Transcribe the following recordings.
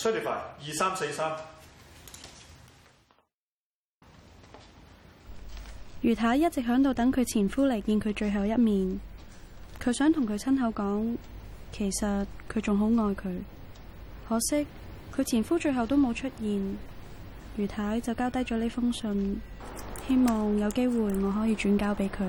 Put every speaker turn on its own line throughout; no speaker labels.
二三四三。
余太一直響度等佢前夫嚟見佢最後一面，佢想同佢親口講，其實佢仲好愛佢。可惜佢前夫最後都冇出現，余太就交低咗呢封信，希望有機會我可以轉交俾佢。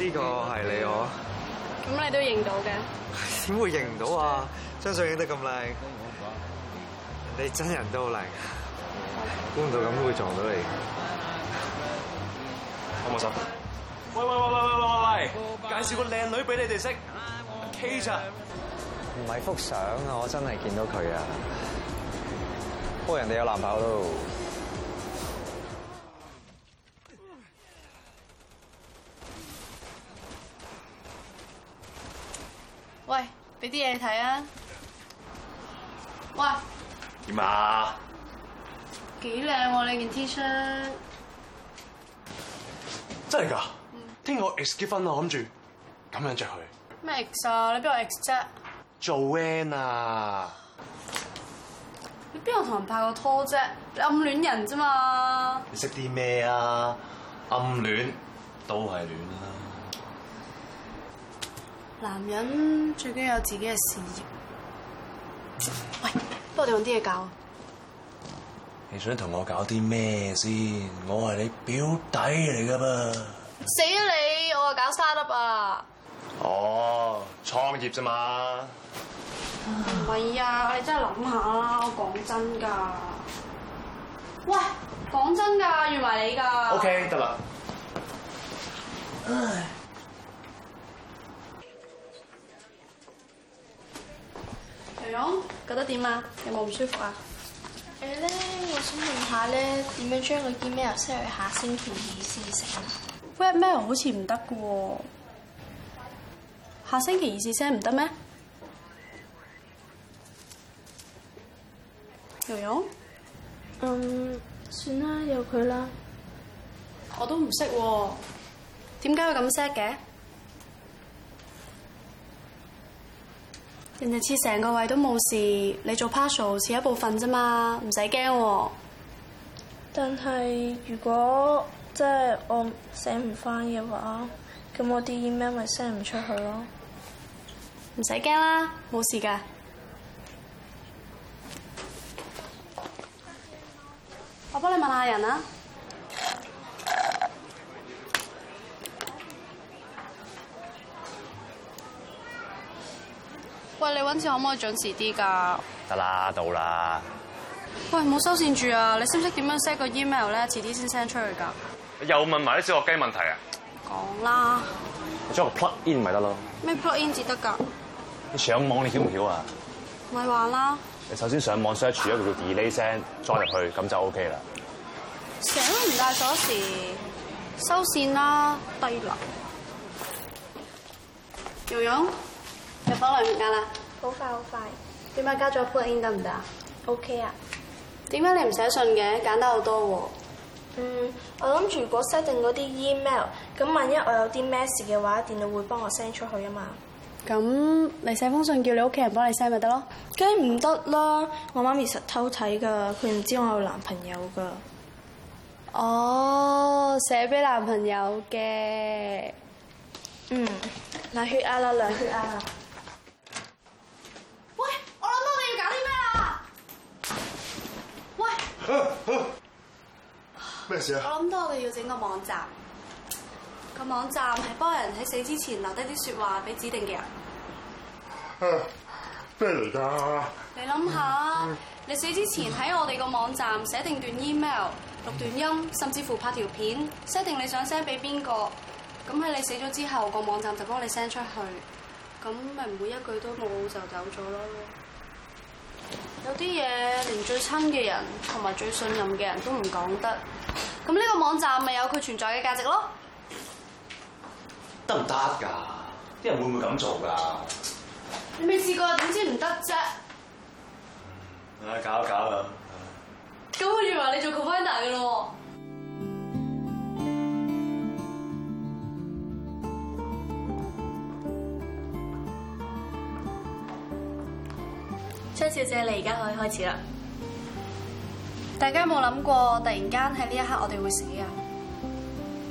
呢個係你哦？咁你都認
到嘅？
點會認唔到啊？張相影得咁靚，你真人都好靚，估唔到咁都會撞到你。好冇心！喂喂喂喂喂喂喂！介紹個靚女俾你哋識 Kate 啊！唔係幅相啊，我真係見到佢啊！不過人哋有男朋友。
喂，俾啲嘢你睇啊！喂，點啊？幾靚喎你件 T 恤！
真係㗎，聽、嗯、我 ex 結婚啊，我諗住咁樣着佢。
咩 ex 啊 ana？你邊個 ex 啫？
做 man 啊？
你邊度同人拍過拖啫？你暗戀人啫嘛？
你識啲咩啊？暗戀都係戀啊！
男人最緊要有自己嘅事業。喂，不如我揾啲嘢搞。
你想同我搞啲咩先？我係你表弟嚟噶嘛？
死啊你！我話搞沙粒啊。
哦，創業啫嘛。
唔係啊，啊，你真係諗下啦。我講真噶。喂，講真噶，預埋你噶。O
K，得啦。唉。
蓉，蓉，覺得點啊？有冇唔舒服啊？誒咧、欸，我想問下咧，點樣將個 email set 下下星期二先 send？Webmail 好似唔得噶喎，下星期二先 send 唔得咩？蓉，嗯，算啦，由佢啦。我都唔識喎，點解會咁 set 嘅？人哋切成個胃都冇事，你做 parcel 切一部分咋嘛，唔使驚喎。但係如果即係我寫唔翻嘅話，咁我啲 email 咪 send 唔出去咯，啊。唔使驚啦，冇事㗎。 我幫你問下人啊。喂，你揾次可唔可以準時啲噶？
得啦，到啦。
喂，唔好收線住啊！你識唔識點樣 send 個 email 咧？遲啲先 send 出去噶。
又問埋啲小學雞問題啊？講
啦吧。
裝個 plug in 咪得咯。
咩 plug in 至得噶？
你上網你曉唔曉啊？
咪玩啦！
你首先上網 search 一個叫 delay send 裝入去，咁就 OK 啦。
成日都唔帶鎖匙，收線啦，低能。陽陽。入房量血壓啦，好快好快。點解加咗 p 拼音，得唔得啊？OK 啊。點解你唔寫信嘅？簡單好多喎。嗯，我諗住如果 set 定嗰啲 email，咁萬一我有啲咩事嘅話，電腦會幫我 send 出去啊嘛。咁你寫封信叫你屋企人幫你 send 咪得咯？梗係唔得啦，我媽咪實偷睇噶，佢唔知我有男朋友噶。哦，寫俾男朋友嘅。嗯，嗱血壓啦，量血壓啦。咩事啊？啊事，我諗到我哋要整個網站，個網站係幫人喺死之前留低啲說話俾指定嘅人。
咩嚟噶？啊、
你諗下，嗯嗯、你死之前喺我哋個網站寫定段 email，錄、嗯、段音，甚至乎拍條片，set 定你想 send 俾邊個，咁喺你死咗之後，個網站就幫你 send 出去，咁咪每一句都冇就走咗咯。有啲嘢，連最親嘅人同埋最信任嘅人都唔講得。咁呢個網站咪有佢存在嘅價值咯？
得唔得㗎？啲人會唔會咁做㗎？你
未試過點知唔得啫？
啊，搞搞啦！
咁我預埋你做 cofounder 㗎咯。崔小姐，你而家可以開始啦。大家有冇諗過，突然間喺呢一刻我哋會死啊？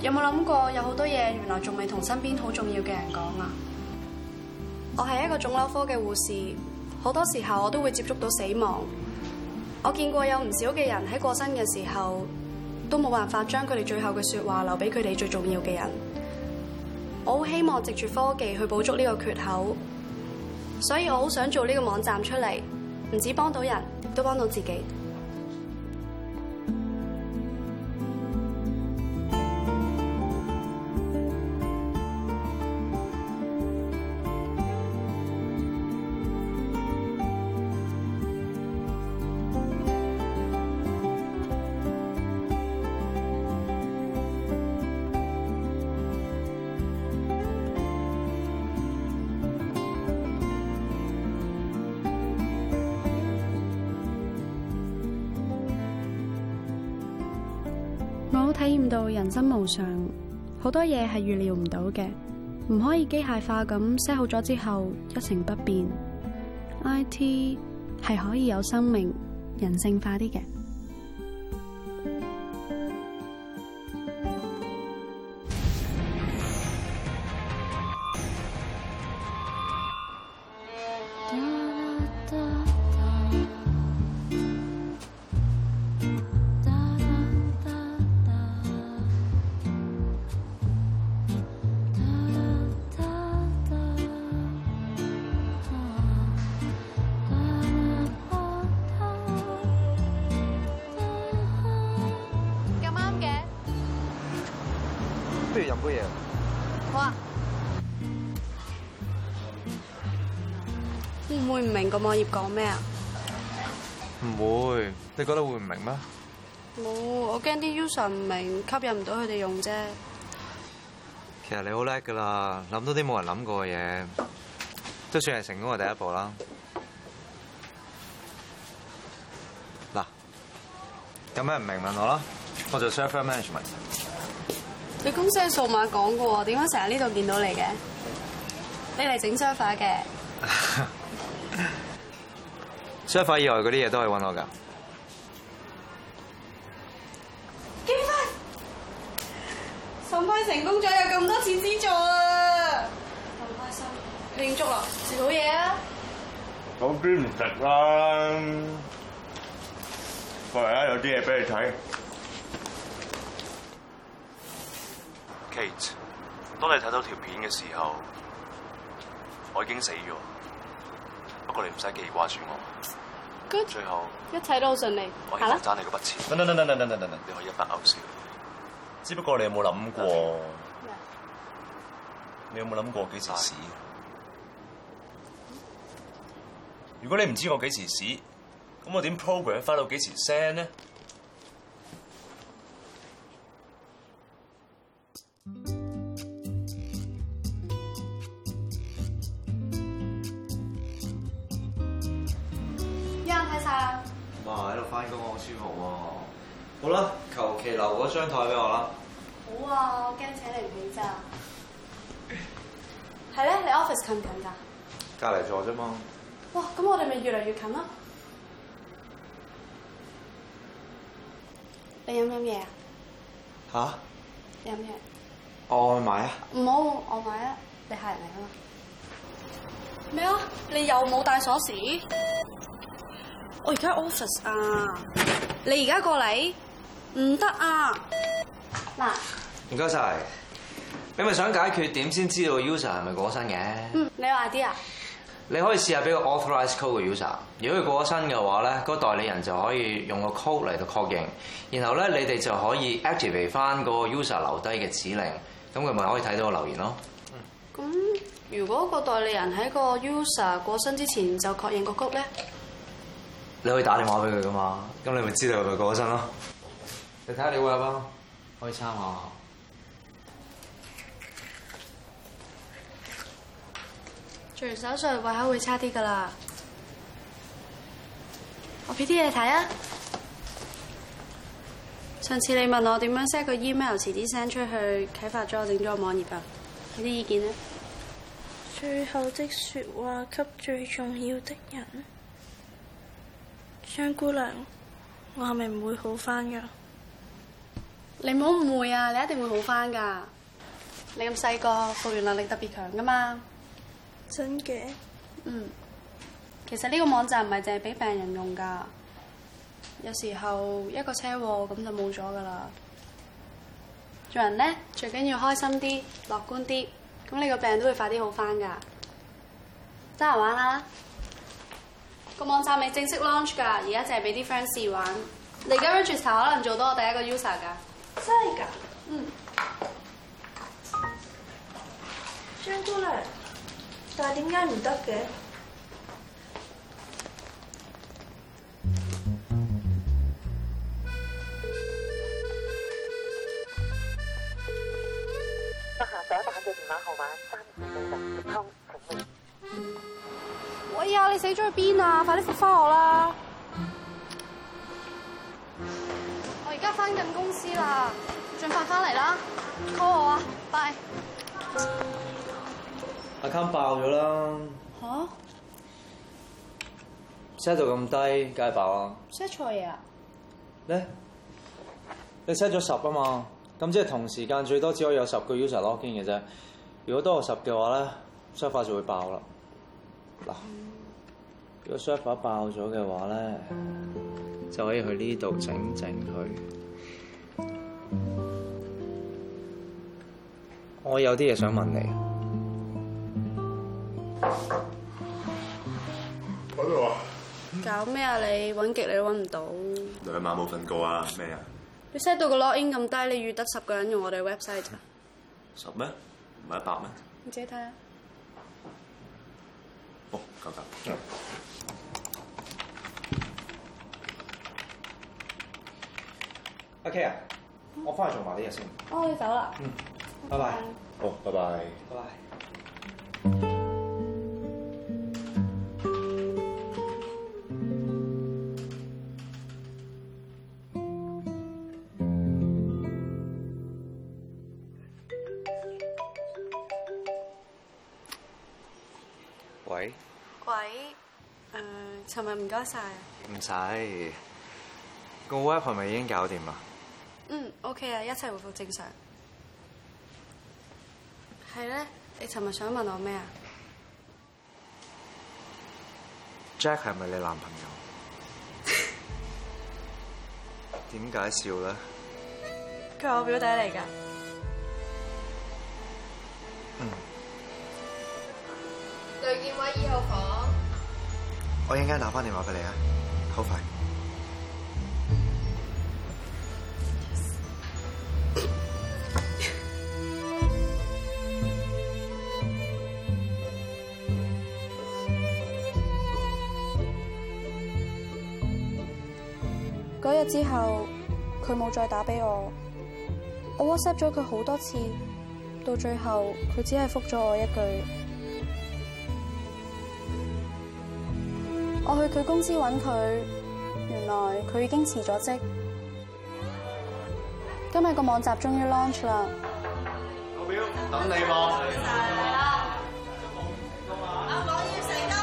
有冇諗過，有好多嘢原來仲未同身邊好重要嘅人講啊？我係一個腫瘤科嘅護士，好多時候我都會接觸到死亡。我見過有唔少嘅人喺過身嘅時候，都冇辦法將佢哋最後嘅說話留俾佢哋最重要嘅人。我好希望藉住科技去補足呢個缺口。所以我好想做呢個網站出嚟，唔止幫到人，亦都幫到自己。體驗到人生無常，好多嘢係預料唔到嘅，唔可以機械化咁 set 好咗之後一成不變。IT 係可以有生命、人性化啲嘅。
要飲杯
嘢。哇！啊。會唔會唔明個網頁講咩啊？
唔會。你覺得會唔明咩？
冇。哦！我驚啲 user 唔明，吸引唔到佢哋用啫。
其實你好叻㗎啦，諗到啲冇人諗過嘅嘢，都算係成功嘅第一步啦。嗱， 有咩唔明問我啦。我就 server management。
你公司係數碼港嘅喎，點解成日呢度見到你嘅？你嚟整沙發嘅？
沙發、啊、以外嗰啲嘢都可以揾我㗎。幾快！
甚麼成功咗有咁多錢資助啊？乖乖好開心！慶祝啦，食好嘢啊！
嗰啲唔值啦。喂，有啲嘢俾你睇。Kate, 當你睇到條片嘅時候，我已經死咗。不過你唔使記掛住我。Good. 最
後一切
都好順利。我嚇！等等等等等等等等，你可以一筆勾銷。只不過你有冇諗過？ 你有冇諗過幾時死？ 如果你唔知我幾時死，咁我點 program 返到幾時 send 呢？喺度翻工好舒服喎，啊。好啦，求其留嗰張台俾我啦。
好啊，我驚請你唔起咋。係、哎、咧，你 office 近唔近㗎？
隔離坐啫嘛。
哇，咁我哋咪越嚟越近咯。 你飲唔飲嘢啊？
嚇？飲嘢。我買啊。
唔好，我買啊！你客人嚟啊嘛？咩啊？你又冇帶鎖匙？我而家喺 office 啊！你而家過嚟唔得啊！嗱，
唔該晒，你咪想解決點先知道 user 係咪過身嘅？嗯，
你話啲啊？
你可以試下俾個 authorize code 嘅 user，如果佢過咗身嘅話咧，個代理人就可以用個 code 嚟到確認，然後咧你哋就可以 activate 翻個 user 留低嘅指令，咁佢咪可以睇到個留言咯。嗯，
咁如果個代理人喺個 user 過身之前就確認個 code 咧？
你可以打電話俾佢噶嘛？咁你咪知道佢過咗身咯。你睇下你胃啊，開餐啊。
做完手術，胃口會差啲噶啦。我俾啲嘢睇啊。上次你問我點樣 send 個 email，遲啲 send 出去，啟發咗我整咗個網頁啊。有啲意見呢？最後的説話給最重要的人。張姑娘，我係咪唔會好返㗎？你唔好誤會啊！你一定會好返㗎。你咁細個，復原能力特別強㗎嘛。真嘅。嗯。其實呢個網站唔係淨係俾病人用㗎。有時候一個車禍咁就冇咗㗎喇。做人呢，最緊要開心啲、樂觀啲，咁你個病都會快啲好返㗎。真係玩啦。個網站未正式 launch 㗎，而家淨係俾啲 friend 試玩。你而家註冊可能做到我第一個 user 㗎。真係㗎。嗯。張姑娘。但係點解唔得嘅？得閒打一喂啊、哎！你死咗去邊啊？快啲覆翻我啦！我而家翻緊公司啦，盡快翻嚟啦！call 我啊！拜。
account 爆咗啦！吓？set 到咁低，梗係爆啊！set 錯嘢啊？咧？你 set 咗十啊嘛？咁即係同時間最多只可以有十個 user logging 嘅啫。如果多過十嘅話咧，server 就會爆啦。嗱，如果 server 爆咗嘅話咧，就可以靜靜去呢度整整佢。我有啲嘢想問你。喺度啊？
搞咩啊你？揾極你都揾唔到。
兩晚冇瞓過啊？咩啊？
你 set 到個 login 咁低，你預得十個人用我哋 website？
十咩？唔係一百咩？你自己睇下。哦，夠夠、oh。嗯。OK 啊，我翻去做埋啲嘢先。
我要走啦。
嗯。拜拜。哦，拜拜。拜拜。喂，喂，誒、
呃，尋日唔該晒，
唔使，個 WhatsApp 咪已經搞掂啦。
嗯，OK 啊，一切回復正常。係咧，你尋日想問我咩啊
？Jack 係咪你男朋友？點解笑咧？
佢係我表弟嚟㗎。
我一陣間打返電話俾你啊，好快。
嗰日之後，佢冇再打畀我，我 WhatsApp 咗佢好多次，到最後佢只係覆咗我一句。我去佢公司搵佢，原來佢已經辭咗職。今日個網站終於 launch 啦！老
表，等你喎！係啊！啊，網要成
功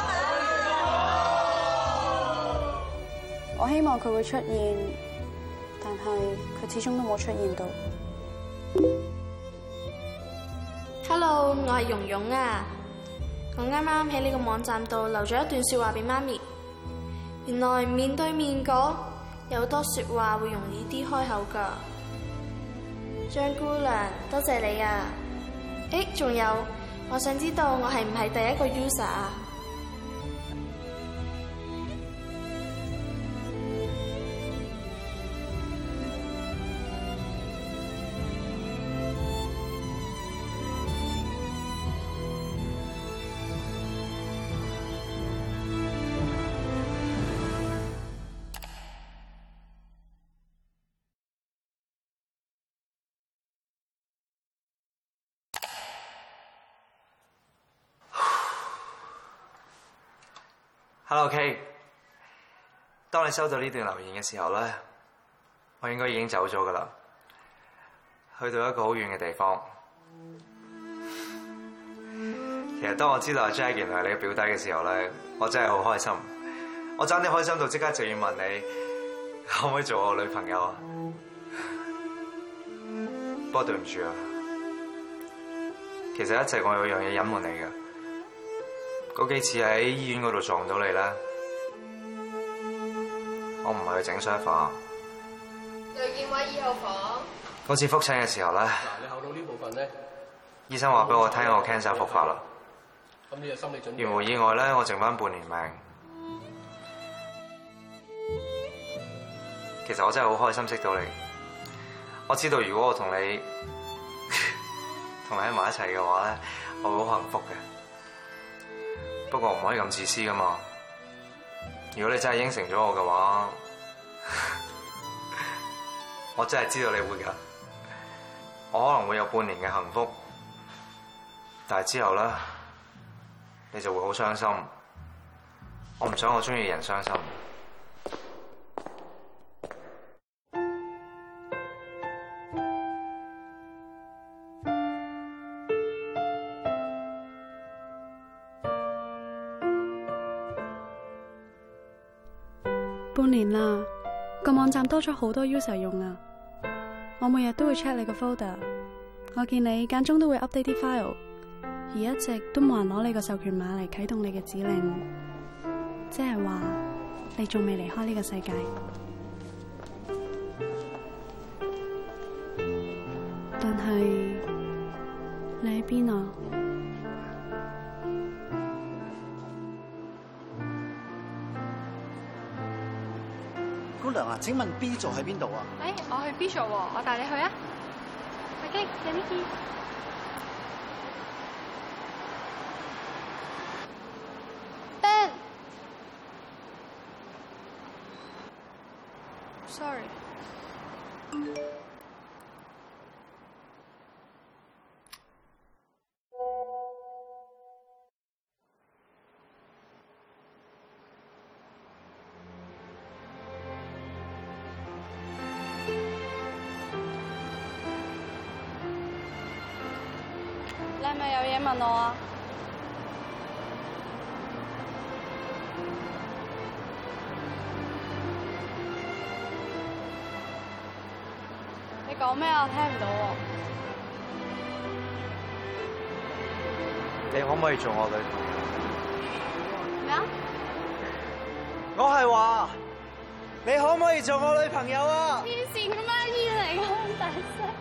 啊！我希望佢會出現，但係佢始終都冇出現到。Hello，我係蓉蓉啊！我啱啱喺呢個網站度留咗一段說話俾媽咪。原來面對面講有多説話會容易啲開口㗎，張姑娘多謝你啊！誒，仲有，我想知道我係唔係第一個 user 啊？
Hello，K。當你收到呢段留言嘅時候咧，我應該已經走咗噶啦，去到一個好遠嘅地方。其實當我知道阿 Jack 原來係你嘅表弟嘅時候咧，我真係好開心，我爭啲開心到即刻就要問你可唔可以做我女朋友啊？不過對唔住啊，其實一直我有一樣嘢隱瞞你㗎。嗰幾次喺醫院嗰度撞到你啦，我唔係去整梳化，雷健偉二號房。嗰次復診嘅時候咧，你後腦部分呢醫生話俾我，、嗯嗯、我聽，我 cancer 復發啦。咁、嗯、
你有心理準備。如無意
外咧，我剩翻半年命。其實我真係好開心識到你。我知道如果我同你同 你喺埋一齊嘅話咧，我會好幸福嘅。不過唔可以咁自私噶嘛！如果你真係應承咗我嘅話，我真係知道你會嘅。我可能會有半年嘅幸福，但係之後咧，你就會好傷心。我唔想我中意嘅人傷心。
多咗好多 user 用啊！我每日都會 check 你個 folder，我見你間中都會 update 啲 file，而一直都冇人攞你個授權碼嚟啟動你嘅指令，即係話你仲未離開呢個世界。但係你喺邊啊？
請問 B 座喺邊度啊？
誒、欸，我去 B 座喎，我帶你去啊。阿基，嚟呢邊。有嘢問我啊！你講咩啊？我聽唔到喎！
你可唔可以做我女朋友？咩？我係話，你可唔可以做我女朋友啊？
黐線嘅乜嘢嚟啊！大聲！